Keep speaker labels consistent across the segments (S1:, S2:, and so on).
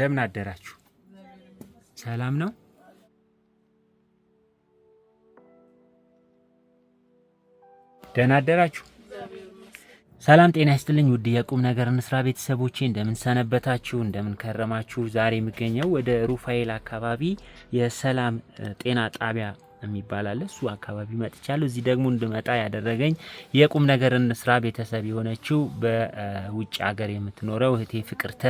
S1: እንደምን አደራችሁ? ሰላም ነው? ደህና አደራችሁ። ሰላም ጤና ይስጥልኝ። ውድ የቁም ነገር እንስራ ቤተሰቦቼ እንደምን ሰነበታችሁ? እንደምን ከረማችሁ? ዛሬ የሚገኘው ወደ ሩፋኤል አካባቢ የሰላም ጤና ጣቢያ የሚባል አለ። እሱ አካባቢ መጥቻለሁ። እዚህ ደግሞ እንድመጣ ያደረገኝ የቁም ነገር ስራ ቤተሰብ የሆነችው በውጭ ሀገር የምትኖረው እህቴ ፍቅርተ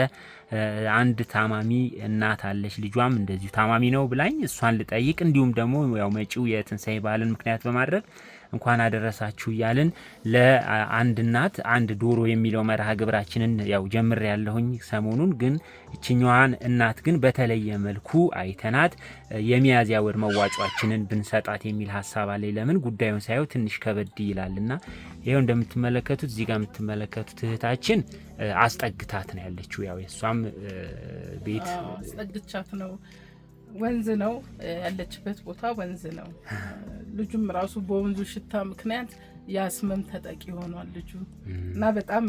S1: አንድ ታማሚ እናት አለች። ልጇም እንደዚሁ ታማሚ ነው ብላኝ እሷን ልጠይቅ እንዲሁም ደግሞ ያው መጪው የትንሳኤ በዓልን ምክንያት በማድረግ እንኳን አደረሳችሁ እያልን ለአንድ እናት አንድ ዶሮ የሚለው መርሃ ግብራችንን ያው ጀምር ያለሁኝ ሰሞኑን ግን እችኛዋን እናት ግን በተለየ መልኩ አይተናት የሚያዝያ ወር መዋጯችንን ብንሰጣት የሚል ሀሳብ አለ። ለምን ጉዳዩን ሳየው ትንሽ ከበድ ይላልና ይኸው እንደምትመለከቱት እዚህ ጋር የምትመለከቱት እህታችን አስጠግታት ነው ያለችው። ያው የእሷም
S2: ቤት አስጠግቻት ነው ወንዝ ነው ያለችበት ቦታ ወንዝ ነው። ልጁም ራሱ በወንዙ ሽታ ምክንያት የአስምም ተጠቂ ሆኗል ልጁ እና በጣም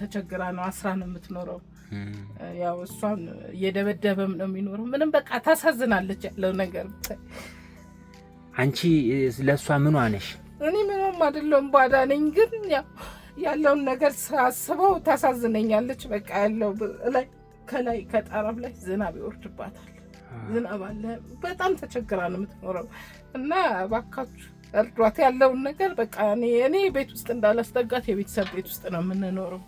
S2: ተቸግራ ነው አስራ ነው የምትኖረው። ያው እሷን እየደበደበም ነው የሚኖረው። ምንም በቃ ታሳዝናለች ያለው ነገር።
S1: አንቺ ለእሷ ምኗ ነሽ?
S2: እኔ ምንም አይደለሁም፣ ባዳ ነኝ። ግን ያለውን ነገር ሳስበው ታሳዝነኛለች። በቃ ያለው ላይ ከላይ ከጣራም ላይ ዝናብ ይወርድባታል ዝናብ አለ። በጣም ተቸግራ ነው የምትኖረው እና እባካችሁ እርዷት። ያለውን ነገር በቃ እኔ ቤት ውስጥ እንዳላስጠጋት የቤተሰብ ቤት ውስጥ ነው የምንኖረው።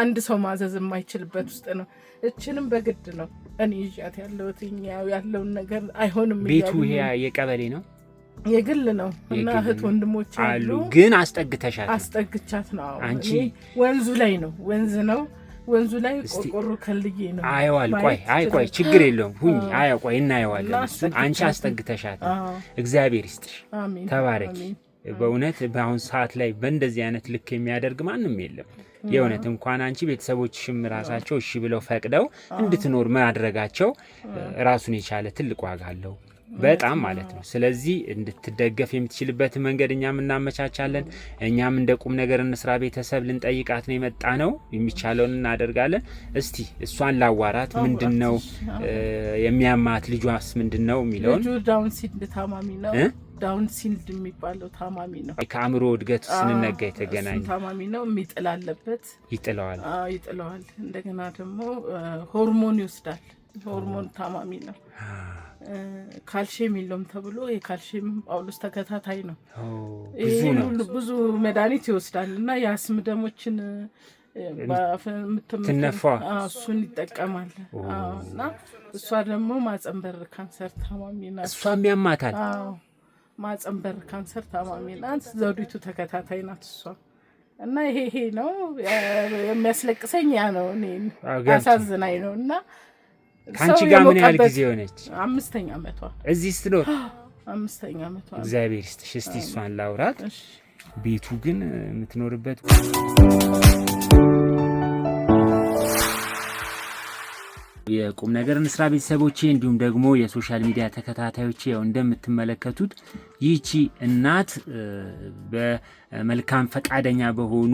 S2: አንድ ሰው ማዘዝ የማይችልበት ውስጥ ነው። እችንም በግድ ነው እኔ ይዣት ያለሁት። ያለውን
S1: ነገር አይሆንም። ቤቱ የቀበሌ
S2: ነው የግል ነው እና
S1: እህት ወንድሞች አሉ። ግን አስጠግተሻት?
S2: አስጠግቻት ነው። አንቺ ወንዙ ላይ ነው ወንዝ ነው ወንዙ ላይ ቆርቆሮ ከልዬ ነው።
S1: አይዋል ቆይ አይ ቆይ ችግር የለውም ሁኝ አይ ቆይ እናየዋለን። አንቺ አስጠግተሻት እግዚአብሔር ይስጥሽ፣ ተባረኪ። በእውነት በአሁን ሰዓት ላይ በእንደዚህ አይነት ልክ የሚያደርግ ማንም የለም። የእውነት እንኳን አንቺ ቤተሰቦችሽም ራሳቸው እሺ ብለው ፈቅደው እንድትኖር ማድረጋቸው ራሱን የቻለ ትልቅ ዋጋ አለው። በጣም ማለት ነው። ስለዚህ እንድትደገፍ የምትችልበትን መንገድ እኛም እናመቻቻለን። እኛም እንደ ቁም ነገር እንስራ። ቤተሰብ ልንጠይቃት ነው የመጣ ነው። የሚቻለውን እናደርጋለን። እስቲ እሷን ላዋራት። ምንድን ነው የሚያማት? ልጇስ
S2: ምንድን ነው የሚለውን ዳውን ታማሚ ነው። ዳውን የሚባለው
S1: ታማሚ ነው። ከአእምሮ እድገት ስንነጋ
S2: የተገናኘ ታማሚ ነው። የሚጥል
S1: አለበት። ይጥለዋል
S2: ይጥለዋል። እንደገና ደግሞ ሆርሞን ይወስዳል። ሆርሞን ታማሚ ነው። ካልሽየም የለውም ተብሎ የካልሽየም ጳውሎስ ተከታታይ ነው። ይህን ሁሉ ብዙ መድኃኒት ይወስዳል እና የአስም ደሞችን
S1: ትነፋ እሱን
S2: ይጠቀማል እና እሷ ደግሞ ማጸንበር ካንሰር
S1: ታማሚ ናት። እሷም ያማታል።
S2: ማጸንበር ካንሰር ታማሚ ናት። ዘውዲቱ ተከታታይ ናት እሷ እና ይሄ ይሄ ነው የሚያስለቅሰኝ ያ ነው እኔ አሳዝናኝ ነው እና
S1: ከአንቺ ጋር ምን ያህል ጊዜ
S2: ሆነች? አምስተኛ
S1: ዓመቷ እዚህ ስትኖር አምስተኛ ዓመቷ። እግዚአብሔር ይስጥሽ። እስቲ እሷን ላውራት። ቤቱ ግን የምትኖርበት የቁም ነገር እንስራ ቤተሰቦቼ፣ እንዲሁም ደግሞ የሶሻል ሚዲያ ተከታታዮቼ፣ ያው እንደምትመለከቱት ይቺ እናት በመልካም ፈቃደኛ በሆኑ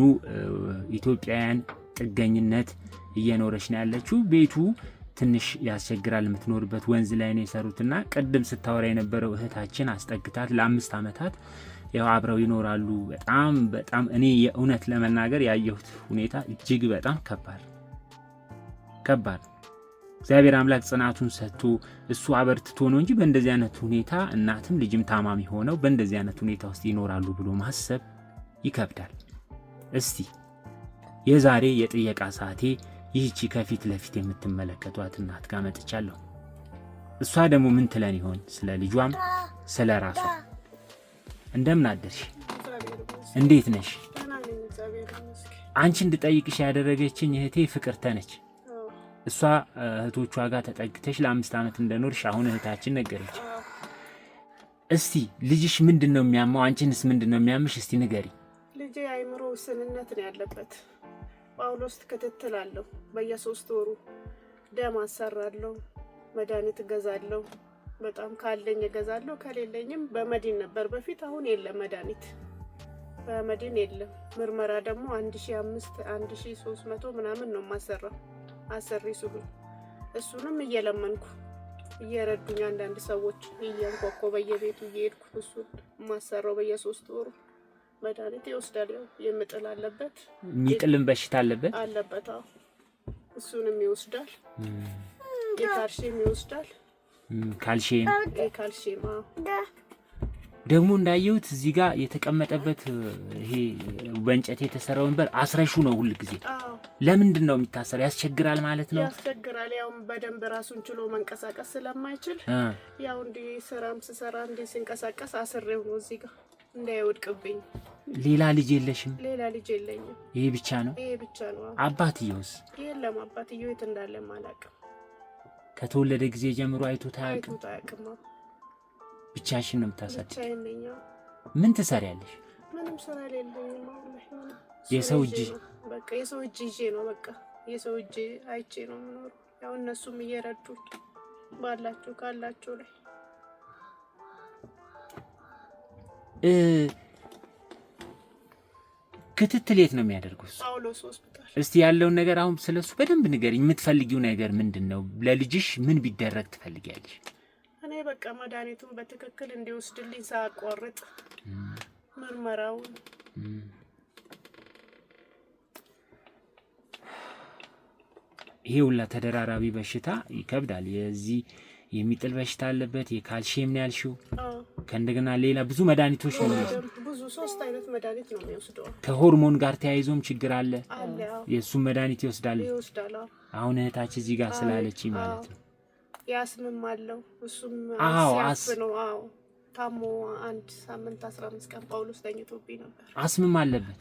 S1: ኢትዮጵያውያን ጥገኝነት እየኖረች ነው ያለችው። ቤቱ ትንሽ ያስቸግራል። የምትኖርበት ወንዝ ላይ ነው የሰሩትና ቅድም ስታወራ የነበረው እህታችን አስጠግታት ለአምስት ዓመታት ያው አብረው ይኖራሉ። በጣም በጣም እኔ የእውነት ለመናገር ያየሁት ሁኔታ እጅግ በጣም ከባድ ከባድ። እግዚአብሔር አምላክ ጽናቱን ሰጥቶ እሱ አበርትቶ ነው እንጂ በእንደዚህ አይነት ሁኔታ እናትም ልጅም ታማሚ ሆነው በእንደዚህ አይነት ሁኔታ ውስጥ ይኖራሉ ብሎ ማሰብ ይከብዳል። እስቲ የዛሬ የጥየቃ ሰዓቴ ይህቺ ከፊት ለፊት የምትመለከቷት እናት ጋር መጥቻለሁ። እሷ ደግሞ ምን ትለን ይሆን? ስለ ልጇም ስለ ራሷ። እንደምን አደርሽ? እንዴት ነሽ? አንቺ እንድጠይቅሽ ያደረገችኝ እህቴ ፍቅርተ ነች። እሷ እህቶቿ ጋር ተጠግተሽ ለአምስት ዓመት እንደኖርሽ አሁን እህታችን ነገረች። እስቲ ልጅሽ ምንድን ነው የሚያማው? አንቺንስ ምንድን ነው የሚያምሽ? እስቲ
S2: ንገሪ። ልጄ አይምሮ ውስንነት ነው ያለበት ጳውሎስ ክትትል አለሁ። በየሶስት ወሩ ደም አሰራለሁ፣ መድኃኒት እገዛለሁ። በጣም ካለኝ እገዛለሁ፣ ከሌለኝም በመዲን ነበር በፊት። አሁን የለም መድኃኒት በመዲን የለም። ምርመራ ደግሞ አንድ ሺ አምስት አንድ ሺ ሶስት መቶ ምናምን ነው የማሰራው አሰሪ ስሁን። እሱንም እየለመንኩ እየረዱኝ አንዳንድ ሰዎች እያንኳኮ በየቤቱ እየሄድኩ እሱን የማሰራው በየሶስት ወሩ መድኃኒት ይወስዳል። የምጥል አለበት የሚጥልም
S1: በሽታ አለበት
S2: አለበት። አዎ እሱንም ይወስዳል። የካልሽም ይወስዳል። ካልሽም የካልሽም
S1: ደግሞ እንዳየሁት እዚህ ጋር የተቀመጠበት ይሄ በእንጨት የተሰራ ወንበር አስረሹ ነው። ሁል ጊዜ ለምንድን ነው የሚታሰረው? ያስቸግራል ማለት
S2: ነው። ያስቸግራል። ያው በደንብ ራሱን ችሎ መንቀሳቀስ ስለማይችል ያው እንዲህ ስራም ስሰራ እንዲህ ሲንቀሳቀስ አስሬው ነው እዚህ ጋር እንዳይወድቅብኝ።
S1: ሌላ ልጅ የለሽም?
S2: ሌላ ልጅ የለኝም። ይሄ ብቻ ነው? ይሄ ብቻ ነው።
S1: አባትየውስ?
S2: የለም፣ አባትየው የት እንዳለም አላውቅም።
S1: ከተወለደ ጊዜ ጀምሮ
S2: አይቶት አያውቅም? ብቻሽን ነው የምታሳድግ?
S1: ምን ትሰሪያለሽ? ምንም
S2: ስራ የለኝም። የሰው እጅ በቃ የሰው እጅ ይዤ ነው በቃ የሰው እጅ አይቼ ነው የምኖረው። ያው እነሱም እየረዱ ባላችሁ ካላችሁ ላይ
S1: ክትትል የት ነው የሚያደርገው? እስቲ ያለውን ነገር አሁን ስለሱ በደንብ ንገሪኝ። የምትፈልጊው ነገር ምንድን ነው? ለልጅሽ ምን ቢደረግ ትፈልጊያለሽ? እኔ
S2: በቃ መድኃኒቱን በትክክል እንዲወስድልኝ ሳያቋርጥ ምርመራውን
S1: ይሄ ሁላ ተደራራቢ በሽታ ይከብዳል። የዚህ የሚጥል በሽታ አለበት። የካልሽየም ነው ያልሽው። ከእንደገና ሌላ ብዙ መድኃኒቶች ነው የሚወስደው። ከሆርሞን ጋር ተያይዞም ችግር አለ። የእሱም መድኃኒት ይወስዳል። አሁን እህታች እዚህ ጋር ስላለች ማለት ነው።
S2: ያስምም አለው እሱም ነው። አዎ ታሞ አንድ ሳምንት አስራ አምስት ቀን ጳውሎስ ተኝቶብኝ ነበር። አስምም አለበት።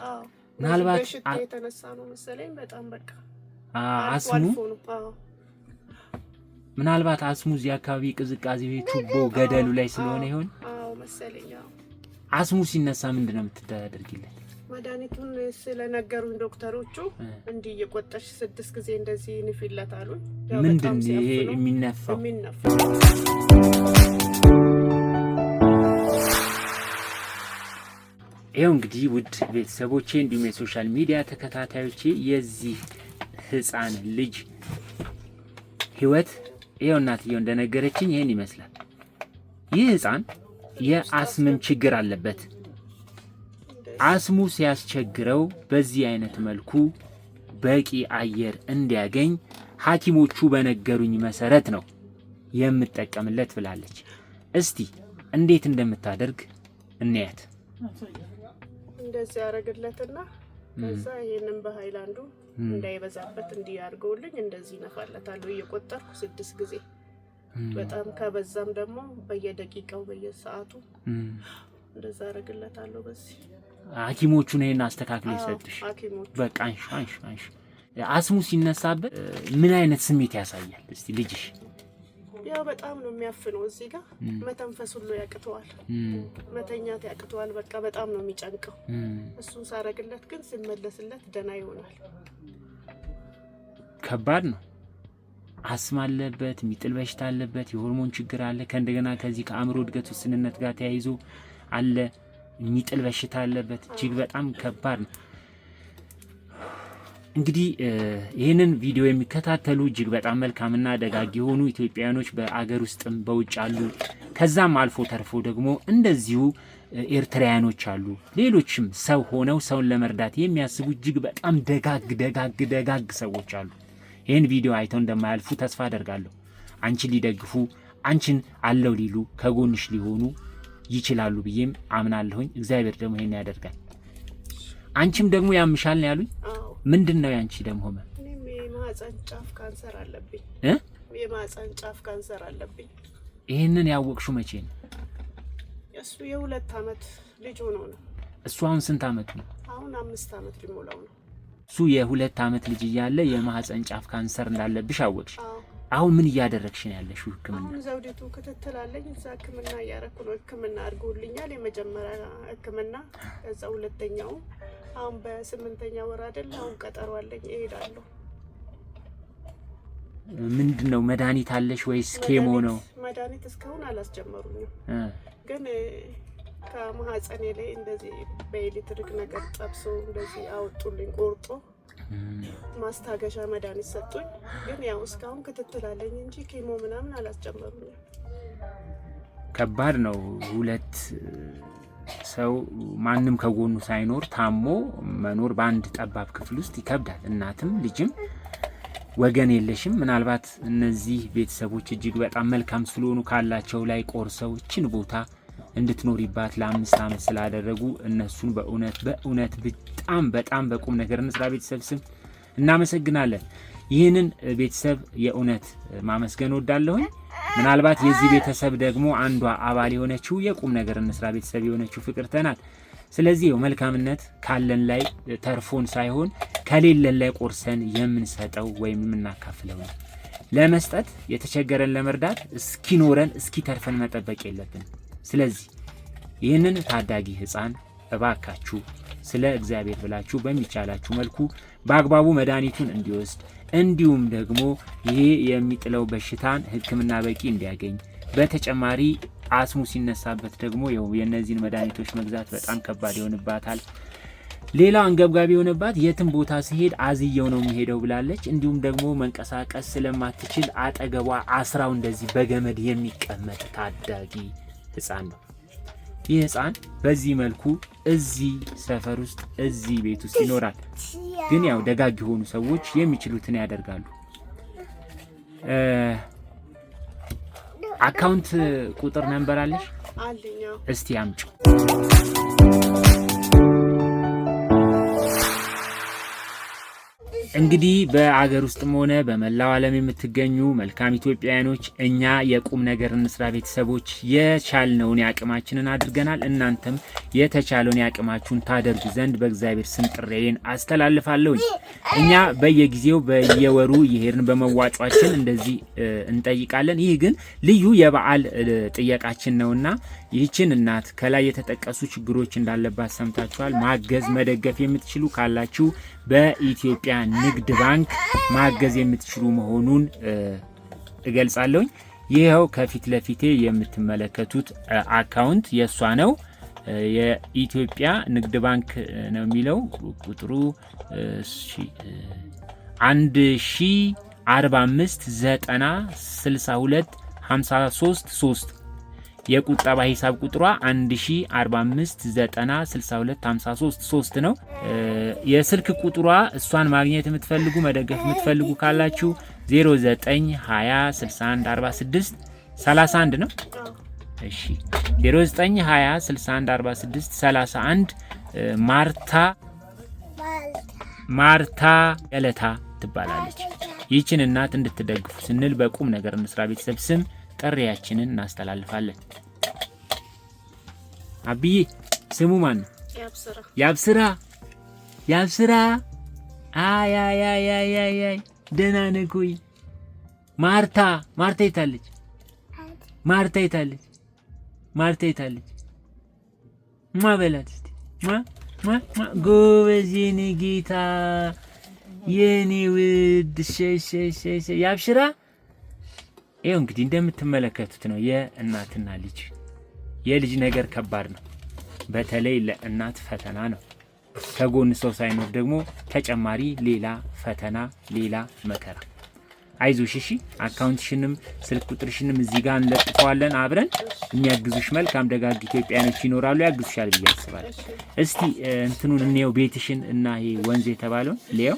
S2: ምናልባት በሽታ የተነሳ ነው መሰለኝ። በጣም በቃ
S1: አስሙ ምናልባት አስሙዝ የአካባቢ ቅዝቃዜ ቱቦ ገደሉ ላይ ስለሆነ ይሆን መሰለኝ። አስሙ ሲነሳ ምንድን ነው የምትደርጊለት?
S2: መድኃኒቱን ስለነገሩኝ ዶክተሮቹ እንዲህ እየቆጠሽ ስድስት ጊዜ እንደዚህ ንፊለት
S1: አሉኝ። ምንድን ይሄ የሚነፋው? ይኸው እንግዲህ ውድ ቤተሰቦቼ እንዲሁም የሶሻል ሚዲያ ተከታታዮቼ የዚህ ህፃን ልጅ ህይወት ይኸው እናትየው እንደነገረችኝ ይህን ይመስላል። ይህ ህፃን የአስምም ችግር አለበት። አስሙ ሲያስቸግረው በዚህ አይነት መልኩ በቂ አየር እንዲያገኝ ሐኪሞቹ በነገሩኝ መሰረት ነው የምጠቀምለት ብላለች። እስቲ እንዴት እንደምታደርግ እንያት።
S2: እንደዚህ ያረግለትና ከዛ ይህንም በሃይላንዱ እንዳይበዛበት እንዲህ አድርገውልኝ እንደዚህ ነፋለታለሁ እየቆጠርኩ ስድስት ጊዜ። በጣም ከበዛም ደግሞ በየደቂቃው በየሰዓቱ እንደዛ አደርግለታለሁ። በዚህ
S1: ሐኪሞቹን ይሄን አስተካክል የሰጥሽ በቃ አንሺ አንሺ አንሺ። አስሙ ሲነሳበት ምን አይነት ስሜት ያሳያል? እስቲ ልጅሽ
S2: ያ በጣም ነው የሚያፍነው። እዚህ ጋር መተንፈስ ሁሉ ያቅተዋል፣ መተኛት ያቅተዋል። በቃ በጣም ነው የሚጨንቀው። እሱን ሳረግለት ግን ስመለስለት ደህና ይሆናል።
S1: ከባድ ነው። አስም አለበት፣ የሚጥል በሽታ አለበት፣ የሆርሞን ችግር አለ። ከእንደገና ከዚህ ከአእምሮ እድገት ውስንነት ጋር ተያይዞ አለ፣ የሚጥል በሽታ አለበት። እጅግ በጣም ከባድ ነው። እንግዲህ ይህንን ቪዲዮ የሚከታተሉ እጅግ በጣም መልካምና ደጋግ የሆኑ ኢትዮጵያውያኖች በአገር ውስጥም በውጭ አሉ። ከዛም አልፎ ተርፎ ደግሞ እንደዚሁ ኤርትራውያኖች አሉ። ሌሎችም ሰው ሆነው ሰውን ለመርዳት የሚያስቡ እጅግ በጣም ደጋግ ደጋግ ደጋግ ሰዎች አሉ። ይህን ቪዲዮ አይተው እንደማያልፉ ተስፋ አደርጋለሁ። አንቺን ሊደግፉ አንቺን አለው ሊሉ ከጎንሽ ሊሆኑ ይችላሉ ብዬም አምናለሁኝ። እግዚአብሔር ደግሞ ይህን ያደርጋል። አንቺም ደግሞ ያምሻል ነው ያሉኝ ምንድን ነው ያንቺ ደም ሆመ? የማህፀን
S2: ጫፍ ካንሰር አለብኝ የማህፀን ጫፍ ካንሰር አለብኝ።
S1: ይህንን ያወቅሹ መቼ ነው?
S2: እሱ የሁለት ዓመት ልጅ ሆኖ
S1: ነው። እሱ አሁን ስንት ዓመት ነው? አሁን
S2: አምስት ዓመት ሊሞላው ነው። እሱ
S1: የሁለት ዓመት ልጅ እያለ የማህፀን ጫፍ ካንሰር እንዳለብሽ አወቅሽ። አሁን ምን እያደረግሽ ነው ያለሽው? ህክምና አሁን
S2: ዘውዲቱ ክትትል አለኝ። እዛ ህክምና እያረኩ ነው። ህክምና አድርጎልኛል። የመጀመሪያ ህክምና፣ እዛ ሁለተኛው አሁን በስምንተኛ ወር አይደል? አሁን ቀጠሮ አለኝ እሄዳለሁ።
S1: ምንድን ነው መድኃኒት አለሽ ወይስ ኬሞ ነው? መድኃኒት እስካሁን
S2: አላስጀመሩኝም፣ ግን ከማህፀኔ ላይ እንደዚህ በኤሌክትሪክ ነገር ጠብሶ እንደዚህ አወጡልኝ ቆርጦ ማስታገሻ መድኃኒት ሰጡኝ። ግን ያው እስካሁን ክትትል አለኝ እንጂ ኬሞ ምናምን አላስጀመሩኝም።
S1: ከባድ ነው ሁለት ሰው ማንም ከጎኑ ሳይኖር ታሞ መኖር በአንድ ጠባብ ክፍል ውስጥ ይከብዳል። እናትም ልጅም ወገን የለሽም። ምናልባት እነዚህ ቤተሰቦች እጅግ በጣም መልካም ስለሆኑ ካላቸው ላይ ቆርሰው ይችን ቦታ እንድትኖሪባት ለአምስት ዓመት ስላደረጉ እነሱን በእውነት በእውነት በጣም በጣም በቁም ነገር እንስራ ቤተሰብ ስም እናመሰግናለን። ይህንን ቤተሰብ የእውነት ማመስገን ወዳለሁኝ። ምናልባት የዚህ ቤተሰብ ደግሞ አንዷ አባል የሆነችው የቁም ነገር እንስራ ቤተሰብ የሆነችው ፍቅርተ ናት። ስለዚህ ው መልካምነት ካለን ላይ ተርፎን ሳይሆን ከሌለን ላይ ቆርሰን የምንሰጠው ወይም የምናካፍለው ነው። ለመስጠት የተቸገረን ለመርዳት እስኪኖረን እስኪተርፈን መጠበቅ የለብን። ስለዚህ ይህንን ታዳጊ ህፃን እባካችሁ ስለ እግዚአብሔር ብላችሁ በሚቻላችሁ መልኩ በአግባቡ መድኃኒቱን እንዲወስድ እንዲሁም ደግሞ ይሄ የሚጥለው በሽታን ሕክምና በቂ እንዲያገኝ በተጨማሪ አስሙ ሲነሳበት ደግሞ የእነዚህን መድኃኒቶች መግዛት በጣም ከባድ ይሆንባታል። ሌላ አንገብጋቢ የሆነባት የትም ቦታ ሲሄድ አዝየው ነው የሚሄደው ብላለች። እንዲሁም ደግሞ መንቀሳቀስ ስለማትችል አጠገቧ አስራው እንደዚህ በገመድ የሚቀመጥ ታዳጊ ህፃን ነው። ይህ ህፃን በዚህ መልኩ እዚህ ሰፈር ውስጥ እዚህ ቤት ውስጥ ይኖራል። ግን ያው ደጋግ የሆኑ ሰዎች የሚችሉትን ያደርጋሉ። አካውንት ቁጥር ነንበር አለሽ? እስቲ አምጪው። እንግዲህ በአገር ውስጥም ሆነ በመላው ዓለም የምትገኙ መልካም ኢትዮጵያውያኖች እኛ የቁም ነገር እንስራ ቤተሰቦች የቻልነውን የአቅማችንን አድርገናል። እናንተም የተቻለውን የአቅማችሁን ታደርጉ ዘንድ በእግዚአብሔር ስም ጥሬን አስተላልፋለሁኝ። እኛ በየጊዜው በየወሩ እየሄድን በመዋጯችን እንደዚህ እንጠይቃለን። ይህ ግን ልዩ የበዓል ጥየቃችን ነውና ይህችን እናት ከላይ የተጠቀሱ ችግሮች እንዳለባት ሰምታችኋል። ማገዝ መደገፍ የምትችሉ ካላችሁ በኢትዮጵያ ንግድ ባንክ ማገዝ የምትችሉ መሆኑን እገልጻለሁኝ። ይኸው ከፊት ለፊቴ የምትመለከቱት አካውንት የእሷ ነው። የኢትዮጵያ ንግድ ባንክ ነው የሚለው ቁጥሩ 1 45 90 62 53 የቁጠባ ሂሳብ ቁጥሯ 104596253 ነው። የስልክ ቁጥሯ እሷን ማግኘት የምትፈልጉ መደገፍ የምትፈልጉ ካላችሁ 09206146 ነው። እሺ 09206146 ማርታ ማርታ ገለታ ትባላለች። ይህችን እናት እንድትደግፉ ስንል በቁም ነገር እንስራ ቤተሰብ ስም ጥሪያችንን እናስተላልፋለን። አብዬ ስሙ ማን ነው? ያብስራ ያብስራ። አይ አይ አይ አይ አይ ደህና ነህ ወይ? ማርታ ማርታ የታለች? ማርታ የታለች? ማርታ የታለች? ማ በላት እስቲ ማ ማ ማ ጎበዝ የኔ ጌታ የኔ ውድ ሸሸሸሸ ያብሽራ ይኸው እንግዲህ እንደምትመለከቱት ነው የእናትና ልጅ የልጅ ነገር ከባድ ነው። በተለይ ለእናት ፈተና ነው። ከጎን ሰው ሳይኖር ደግሞ ተጨማሪ ሌላ ፈተና፣ ሌላ መከራ። አይዞሽ እሺ። አካውንትሽንም ስልክ ቁጥርሽንም እዚህ ጋር እንለጥፈዋለን አብረን። የሚያግዙሽ መልካም ደጋግ ኢትዮጵያኖች ይኖራሉ፣ ያግዙሻል ብዬ አስባለሁ። እስቲ እንትኑን እንየው፣ ቤትሽን እና ይሄ ወንዝ የተባለውን ልየው።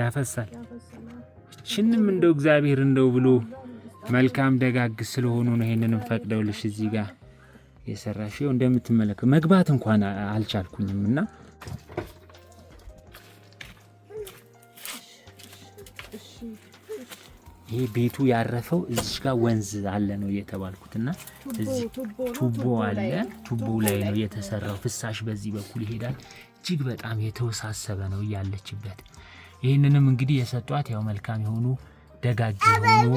S1: ያፈሳል። ይህችንም እንደው እግዚአብሔር እንደው ብሎ መልካም ደጋግ ስለሆኑ ነው ይሄንንም ፈቅደውልሽ እዚህ ጋር የሰራሽው። እንደምትመለከት መግባት እንኳን አልቻልኩኝም እና ይሄ ቤቱ ያረፈው እዚህ ጋር ወንዝ አለ ነው የተባልኩትና እዚህ ቱቦ አለ። ቱቦ ላይ ነው የተሰራው። ፍሳሽ በዚህ በኩል ይሄዳል። እጅግ በጣም የተወሳሰበ ነው ያለችበት። ይህንንም እንግዲህ የሰጧት ያው መልካም የሆኑ ደጋግ የሆኑ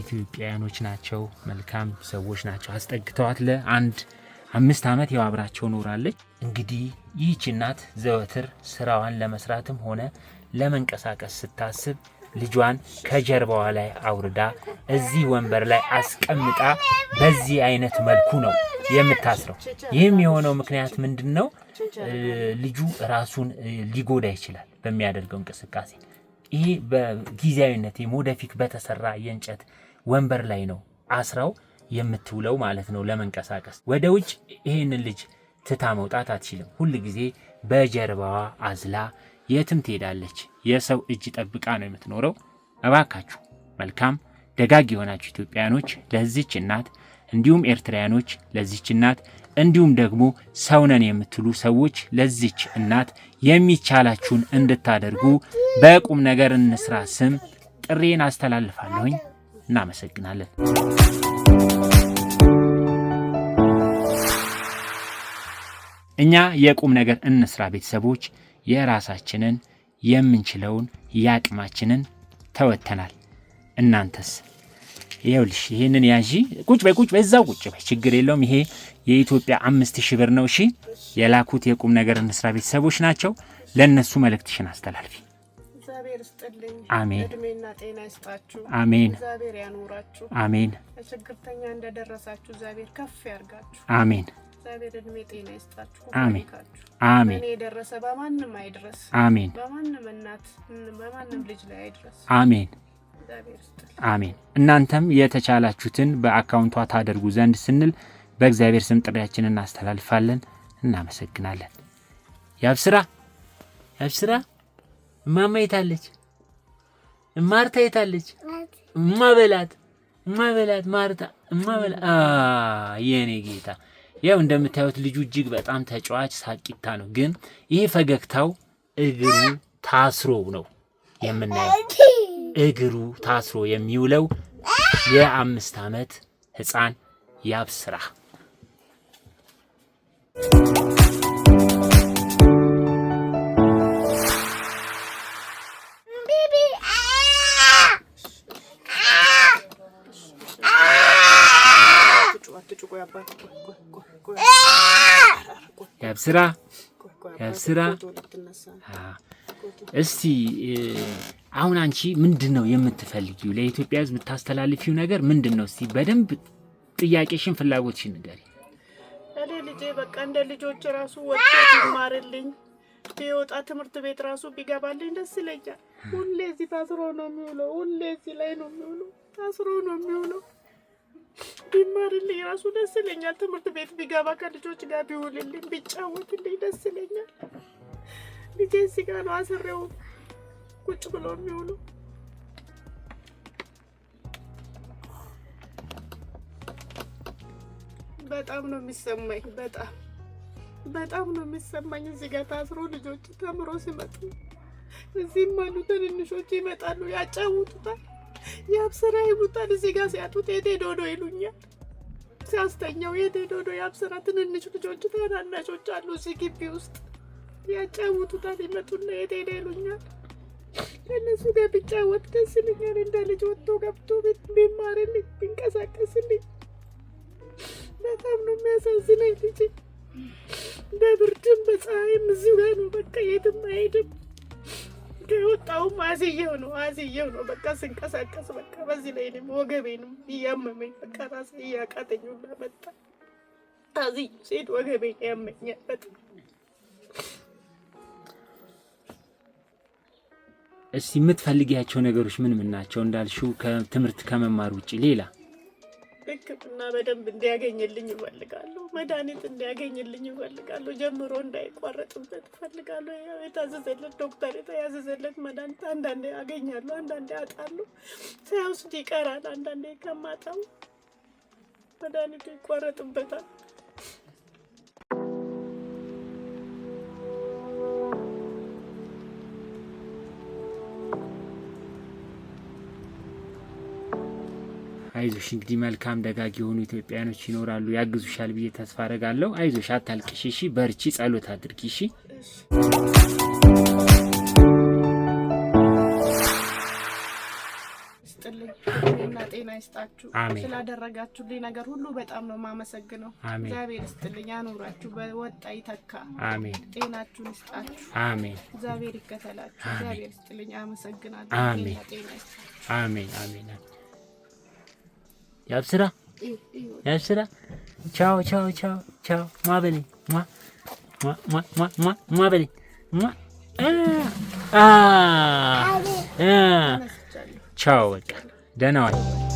S1: ኢትዮጵያውያኖች ናቸው። መልካም ሰዎች ናቸው። አስጠግተዋት ለአንድ አምስት ዓመት ያው አብራቸው ኖራለች። እንግዲህ ይህች እናት ዘወትር ስራዋን ለመስራትም ሆነ ለመንቀሳቀስ ስታስብ ልጇን ከጀርባዋ ላይ አውርዳ እዚህ ወንበር ላይ አስቀምጣ በዚህ አይነት መልኩ ነው የምታስረው። ይህም የሆነው ምክንያት ምንድን ነው? ልጁ ራሱን ሊጎዳ ይችላል በሚያደርገው እንቅስቃሴ። ይሄ በጊዜያዊነት ሞደፊክ በተሰራ የእንጨት ወንበር ላይ ነው አስራው የምትውለው ማለት ነው። ለመንቀሳቀስ ወደ ውጭ ይህንን ልጅ ትታ መውጣት አትችልም። ሁል ጊዜ በጀርባዋ አዝላ የትም ትሄዳለች። የሰው እጅ ጠብቃ ነው የምትኖረው። እባካችሁ መልካም ደጋግ የሆናችሁ ኢትዮጵያውያኖች ለዚች እናት እንዲሁም ኤርትራውያኖች ለዚች እናት እንዲሁም ደግሞ ሰውነን የምትሉ ሰዎች ለዚች እናት የሚቻላችሁን እንድታደርጉ በቁም ነገር እንስራ ስም ጥሬን አስተላልፋለሁኝ። እናመሰግናለን። እኛ የቁም ነገር እንስራ ቤተሰቦች የራሳችንን የምንችለውን የአቅማችንን ተወተናል እናንተስ? ይኸውልሽ ይሄንን ያዢ። ቁጭ በይ ቁጭ በይ እዛው ቁጭ በይ፣ ችግር የለውም። ይሄ የኢትዮጵያ አምስት ሺህ ብር ነው። እሺ የላኩት የቁም ነገር እንስራ ቤተሰቦች ናቸው። ለእነሱ መልእክትሽን አስተላልፊ። እግዚአብሔር አሜን።
S2: እድሜና ጤና ይስጣችሁ።
S1: አሜን። እግዚአብሔር
S2: ያኖራችሁ። አሜን። ለችግርተኛ እንደደረሳችሁ እግዚአብሔር ከፍ ያርጋችሁ። አሜን። እግዚአብሔር እድሜ ጤና ይስጣችሁ። አሜን አሜን። እኔ የደረሰ በማንም አይድረስ። አሜን። በማንም እናት በማንም ልጅ ላይ አይድረስ። አሜን አሜን።
S1: እናንተም የተቻላችሁትን በአካውንቷ ታደርጉ ዘንድ ስንል በእግዚአብሔር ስም ጥሪያችን እናስተላልፋለን። እናመሰግናለን። ያብስራ ያብስራ፣ እማማ የታለች? ማርታ የታለች? ማርታ እማ የኔ ጌታ ያው እንደምታዩት ልጁ እጅግ በጣም ተጫዋች ሳቂታ ነው። ግን ይህ ፈገግታው እግሩ ታስሮ ነው የምናየው። እግሩ ታስሮ የሚውለው የአምስት ዓመት ህፃን ያብስራ ያብስራ ያብስራ። እስቲ አሁን አንቺ ምንድን ነው የምትፈልጊው? ለኢትዮጵያ ሕዝብ የምታስተላልፊው ነገር ምንድን ነው? እስቲ በደንብ ጥያቄሽን፣ ፍላጎትሽን ንገሪ።
S2: እኔ ልጄ በቃ እንደ ልጆች ራሱ ወጥቶ ይማርልኝ የወጣ ትምህርት ቤት ራሱ ቢገባልኝ ደስ ይለኛል። ሁሌ እዚህ ታስሮ ነው የሚውለው። ሁሌ እዚህ ላይ ነው የሚውለው። ታስሮ ነው የሚውለው። ቢማርልኝ ራሱ ደስ ይለኛል። ትምህርት ቤት ቢገባ ከልጆች ጋር ቢውልልኝ ቢጫወትልኝ ደስ ይለኛል። ልጄ እዚህ ጋር ነው አስሬው ቁጭ ብሎ የሚውሉ በጣም ነው የሚሰማኝ። በጣም በጣም ነው የሚሰማኝ። እዚህ ጋር ታስሮ ልጆች ተምሮ ሲመጡ እዚህም አሉ ትንንሾች ይመጣሉ፣ ያጫውቱታል የአብሰራ ይሉታል። እዚህ ጋር ሲያጡት የት ሄዶ ነው ይሉኛል። ሲያስተኛው የት ሄዶ ነው የአብሰራ። ትንንሽ ልጆች ታናናሾች አሉ እዚህ ግቢ ውስጥ ያጫውቱታል። ይመጡና የት ሄደ ይሉኛል። ከእነሱ ጋር ብጫወት ደስ ይለኛል። እንደ ልጅ ወጥቶ ገብቶ ቢማርልኝ ቢንቀሳቀስልኝ። በጣም ነው የሚያሳዝነኝ ልጅ። በብርድም በፀሐይም እዚሁ ጋር ነው። በቃ የትም አይሄድም። ወጣው አዝየው ነው አዝየው ነው በቃ ስንቀሳቀስ በቃ በዚህ ላይ እኔም ወገቤንም እያመመኝ በቃ ራሴ እያቃተኝ ሁላ መጣ። አዝዬ ስሄድ ወገቤን ያመኛል በጣም።
S1: እስቲ የምትፈልጊያቸው ነገሮች ምን ምን ናቸው? እንዳልሽው ከትምህርት ከመማር ውጭ ሌላ
S2: ሕክምና በደንብ እንዲያገኝልኝ እፈልጋለሁ። መድኃኒት እንዲያገኝልኝ እፈልጋለሁ። ጀምሮ እንዳይቋረጥበት እፈልጋለሁ። የታዘዘለት ዶክተር የታዘዘለት መድኃኒት አንዳንዴ ያገኛሉ፣ አንዳንዴ ያጣሉ። ሳይወስድ ይቀራል። አንዳንዴ ከማጣው መድኃኒቱ ይቋረጥበታል።
S1: አይዞሽ እንግዲህ መልካም ደጋግ የሆኑ ኢትዮጵያኖች ይኖራሉ፣ ያግዙሻል ብዬ ተስፋ አደርጋለሁ። አይዞሽ፣ አታልቅሽ፣ እሺ። በርቺ፣ ጸሎት አድርጊ፣ እሺ።
S2: ስጥልኝና ጤና ይስጣችሁ። ስላደረጋችሁልኝ ነገር ሁሉ በጣም ነው የማመሰግነው። እግዚአብሔር ስጥልኝ፣ አኖራችሁ በወጣ ይተካ። ጤናችሁን ይስጣችሁ። እግዚአብሔር ይከተላችሁ። እግዚአብሔር ስጥልኝ፣ አመሰግናለሁ። ጤና ይስጣችሁ። አሜን አሜን።
S1: ያብስራ ያብስራ። ቻው ቻው ቻው ቻው። ማበሌ ማ ማ ማ ማ ማ ማበሌ ማ አ አ ቻው። በቃ ደህና ዋል።